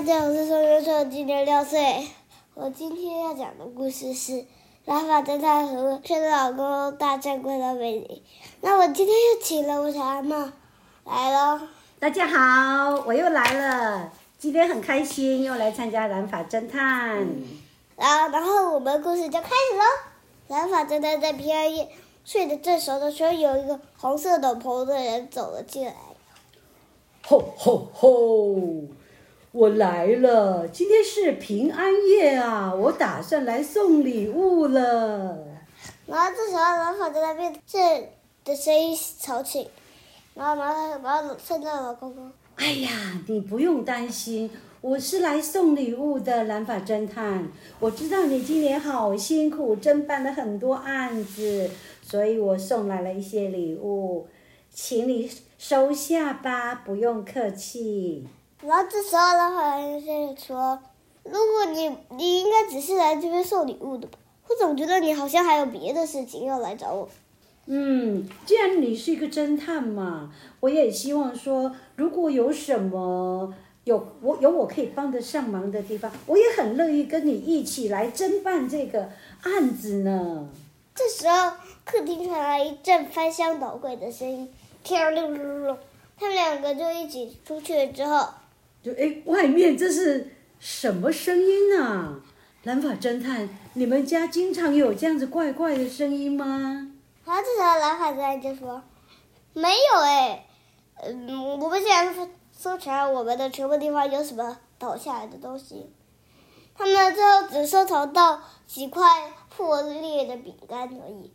大家好，我是宋雲碩，我今年六歲。我今天要講的故事是《藍髮偵探和耶誕老公公大戰怪盜 Vay》。那我今天又請了，我小阿嬤來嘍。大家好，我又來了，今天很開心，又來參加《藍髮偵探》。然後，然後我們故事就開始嘍。藍髮偵探在平安夜睡得正熟的時候，有一個紅色斗篷的人走了進來。吼吼吼！哦哦我來了，今天是平安夜啊！我打算來送禮物了。然後這時候藍髮偵探被這的聲音吵醒，然後馬上把聖誕老公公。哎呀，你不用擔心，我是來送禮物的，藍髮偵探。我知道你今年好辛苦，偵辦了很多案子，所以我送來了一些禮物，請你收下吧，不用客氣。然後這時候的話，就是說：“如果你，你應該只是來這邊送禮物的吧？我總覺得你好像還有別的事情要來找我。”嗯，既然你是一個偵探嘛，我也希望說，如果有什麼有我有我可以幫得上忙的地方，我也很樂意跟你一起來偵辦這個案子呢。這時候，客廳傳來一陣翻箱倒櫃的聲音，跳六六六，他們兩個就一起出去了之後，哎，外面這是什麼聲音啊？藍髮偵探，你們家經常有這樣子怪怪的聲音嗎？啊，這時候藍髮偵探就說：“沒有哎，嗯，我們竟然是搜查，我們的全部地方有什麼倒下來的東西。他們最後只搜查到幾塊破裂的餅乾而已，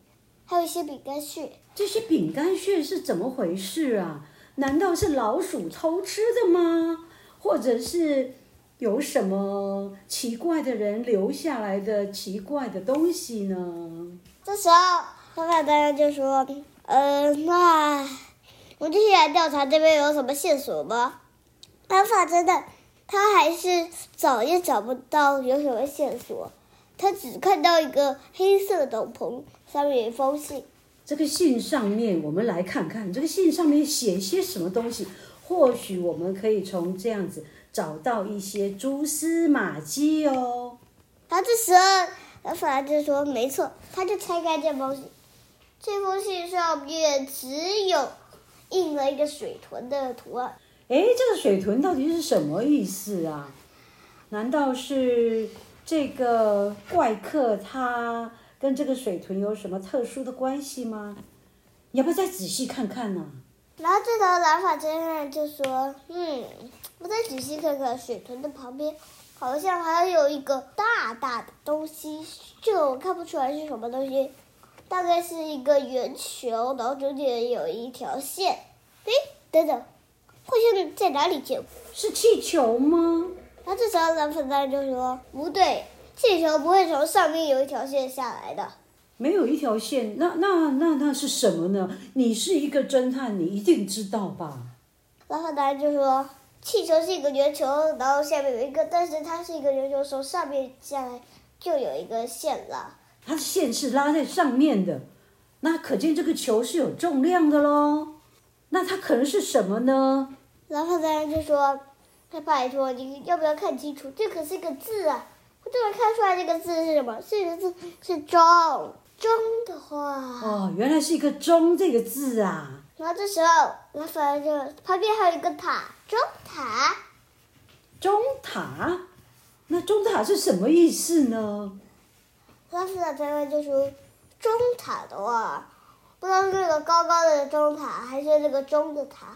還有一些餅乾屑。這些餅乾屑是怎麼回事啊？難道是老鼠偷吃的嗎？”或者是有什麼奇怪的人留下來的奇怪的東西呢？這時候，他髮大家就說：“嗯、呃，那我就來調查這邊有什麼線索嗎？”他髮真的，他還是找也找不到有什麼線索，他只看到一個黑色斗篷，上面有一封信。這個信上面，我們來看看這個信上面寫些什麼東西，或許我們可以從這樣子找到一些蛛絲馬跡哦。他這時候，他反而就說：“沒錯，他就拆開這封信。這封信上面只有印了一個水豚的圖案。哎，這個水豚到底是什麼意思啊？難道是這個怪客他？”跟這個水豚有什麼特殊的關係嗎？要不要再仔細看看呢？然後這時候藍髮偵探就說：“嗯，我再仔細看看，水豚的旁邊好像還有一個大大的東西，這個我看不出來是什麼東西，大概是一個圓球，然後中間有一條線。哎，等等，會是在哪裡見過？是氣球嗎？”然後這時候藍髮偵探就說：“不對。”氣球不會從上面有一條線下來的，沒有一條線，那那那那，那是什麼呢？你是一個偵探，你一定知道吧？然後男人就說：“氣球是一個圓球，然後下面有一個，但是它是一個圓球，從上面下來就有一個線了。它的線是拉在上面的，那可見這個球是有重量的嘍。那它可能是什麼呢？”然後男人就說：“拜託，你要不要看清楚？這可是個字啊。”就能看出來這個字是什麼？這個字是中，中中的話。哦，原來是一個中這個字啊。然後這時候，那反正就旁邊還有一個塔，中塔。中塔？那中塔是什麼意思呢？是在台灣就說中塔的話，不知道是那個高高的中塔，還是那個中的塔。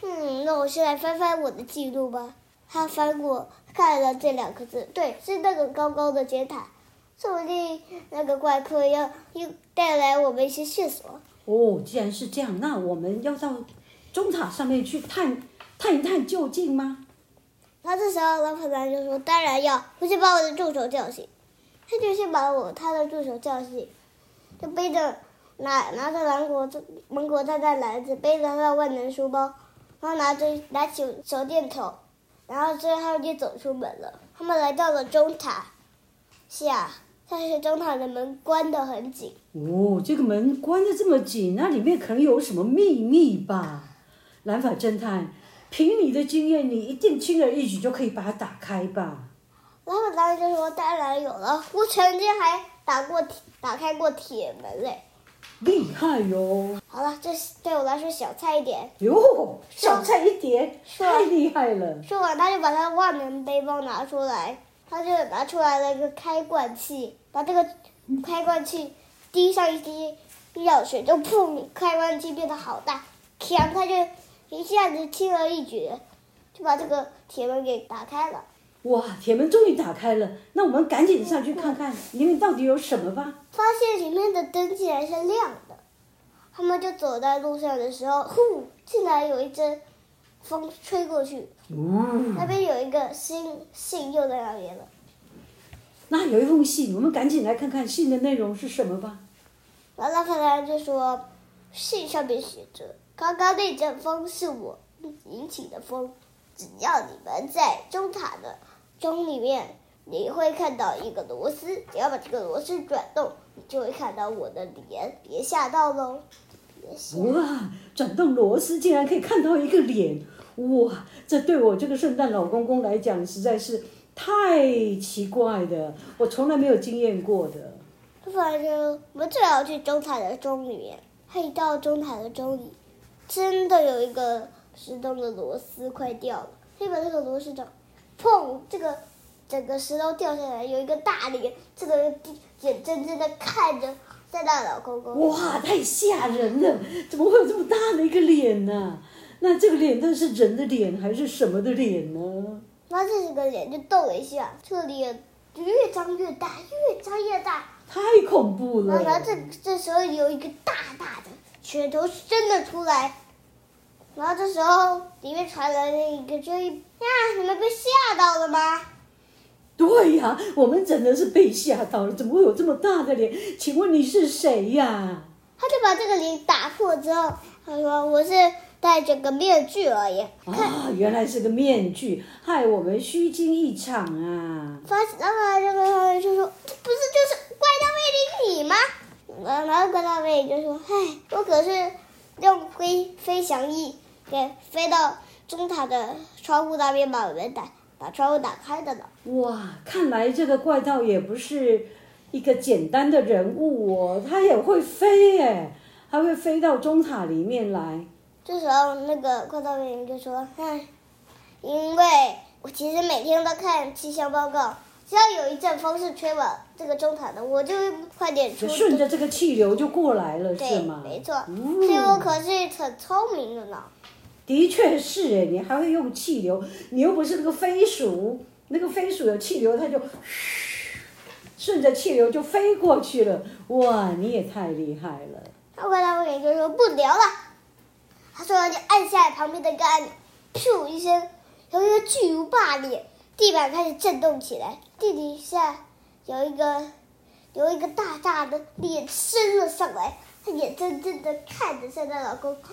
嗯，那我現在翻翻我的記錄吧，他翻過。看了這兩個字，對，是那個高高的尖塔，說不定那個怪客要又帶來我們一些線索。哦，既然是這樣，那我們要到中塔上面去探探一探究竟嗎？然後這時候，老婆婆就說：“當然要，我去把我的助手叫醒。”他就先把我他的助手叫醒，就背着拿拿着藍果子芒果大袋籃子，背着他的萬能書包，然後拿着拿起手電筒。然後最後他們就走出門了。他們來到了鐘塔下，是啊，但是鐘塔的門關得很緊。哦，這個門關得這麼緊，那裡面可能有什麼秘密吧？藍髮偵探，憑你的經驗，你一定輕而易舉就可以把它打開吧？藍髮偵探就說：“當然有了，我曾經還打過鐵打開過鐵門嘞。”厲害喲、哦！好了，這對我來說小菜一點。喲，小菜一碟，太厲害了。說完，他就把他萬能背包拿出來，他就拿出來了一個開罐器，把這個開罐器滴上一滴藥水，就砰，開罐器變得好大，天，他就一下子輕而易舉就把這個鐵門給打開了。哇，鐵門終於打開了，那我們趕緊上去看看裡面到底有什麼吧。發現裡面的燈竟然是亮的，他們就走在路上的時候，呼，竟然有一陣風吹過去，那邊有一個信，信又在那裡了。那有一封信，我們趕緊來看看信的內容是什麼吧。完了，他來就說，信上面寫着，剛剛那陣風是我引起的風，只要你們在鐘塔的。鐘裡面你會看到一個螺絲，只要把這個螺絲轉動，你就會看到我的臉。別嚇到嘍！別嚇。哇，轉動螺絲竟然可以看到一個臉，哇，這對我這個聖誕老公公來講實在是太奇怪的，我從來沒有經驗過的。反正我們最好去鐘塔的鐘裡面，嘿，到鐘塔的鐘裡，真的有一個時鐘的螺絲快掉了，可以把這個螺絲找。碰，這個整個石頭掉下來，有一個大臉，這個人眼睜睜的看着聖誕老公公。哇，太嚇人了！怎麼會有這麼大的一個臉呢、啊？那這個臉都是人的臉還是什麼的臉呢？那這個臉就動了一下，這就、個、臉越張越大，越張越大。太恐怖了！那這這時候有一個大大的拳頭伸了出來。然後這時候，裡面傳來了一個聲音：“呀、啊，你們被嚇到了嗎？”“對呀、啊，我們真的是被嚇到了，怎麼會有這麼大的臉？請問你是誰呀、啊？”他就把這個臉打破之後，他說：“我是戴着個面具而已。哦”“啊，原來是個面具，害我們虛驚一場啊！”發現然後這個他就說：“這不是，就是怪盜 Vay 0的你嗎？”然後怪盜 Vay 0就說：“嗨，我可是。”用飛飛翔翼給飛到中塔的窗戶那邊，把門打，把窗戶打開的呢。哇，看來這個怪盜也不是一個簡單的人物哦，他也會飛耶，還會飛到中塔裡面來。這時候，那個怪盜員就說：“哎，因為我其實每天都看氣象報告。”只要有一陣風是吹往這個中塔的，我就會快點出，就順着這個氣流就過來了，是嗎？對，沒錯。所以我可是很聰明的呢。的確是哎，你還會用氣流，你又不是那個飛鼠，那個飛鼠的氣流，它就，順着氣流就飛過去了。哇，你也太厲害了。他回來，我跟就說不聊了。他說完就按下旁邊的桿，噗一聲，有一個巨無霸裂地板開始震動起來，地底下有一個有一個大大的臉伸了上來，他眼睜睜的看着聖誕老公公，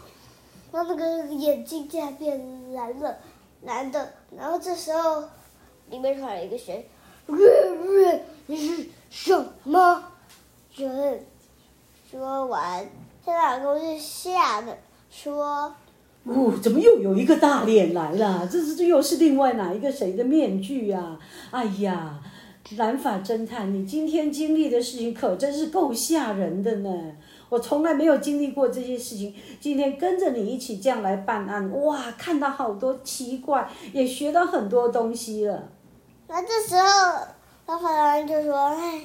然後那個眼睛竟然變藍了，藍的。然後這時候，裡面傳了一個聲：“你是什麼人？”說完，聖誕老公公就嚇得說。哦，怎麼又有一個大臉來了？這是這又是另外哪一個誰的面具呀、啊？哎呀，藍髮偵探，你今天經歷的事情可真是夠嚇人的呢！我從來沒有經歷過這些事情，今天跟着你一起這樣來辦案，哇，看到好多奇怪，也學到很多東西了。那這時候，藍髮偵探就說：“哎，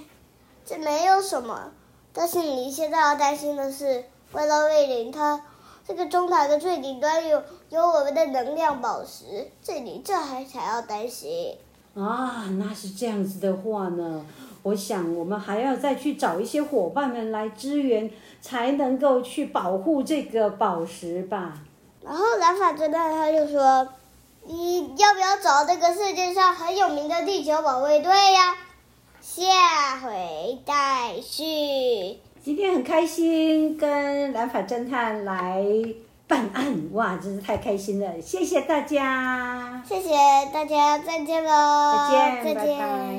這沒有什麼，但是你現在要擔心的是，怪盜威林他。”這個鐘塔的最頂端有有我們的能量寶石，這裡這還才要擔心啊！那是這樣子的話呢，我想我們還要再去找一些夥伴們來支援，才能夠去保護這個寶石吧。然後藍髮這邊他就說：“你要不要找這個世界上很有名的地球保衛隊呀、啊？”下回再續。今天很開心，跟藍髮偵探來辦案，哇，真是太開心了！謝謝大家，謝謝大家，再見嘍，再見，拜拜。再見。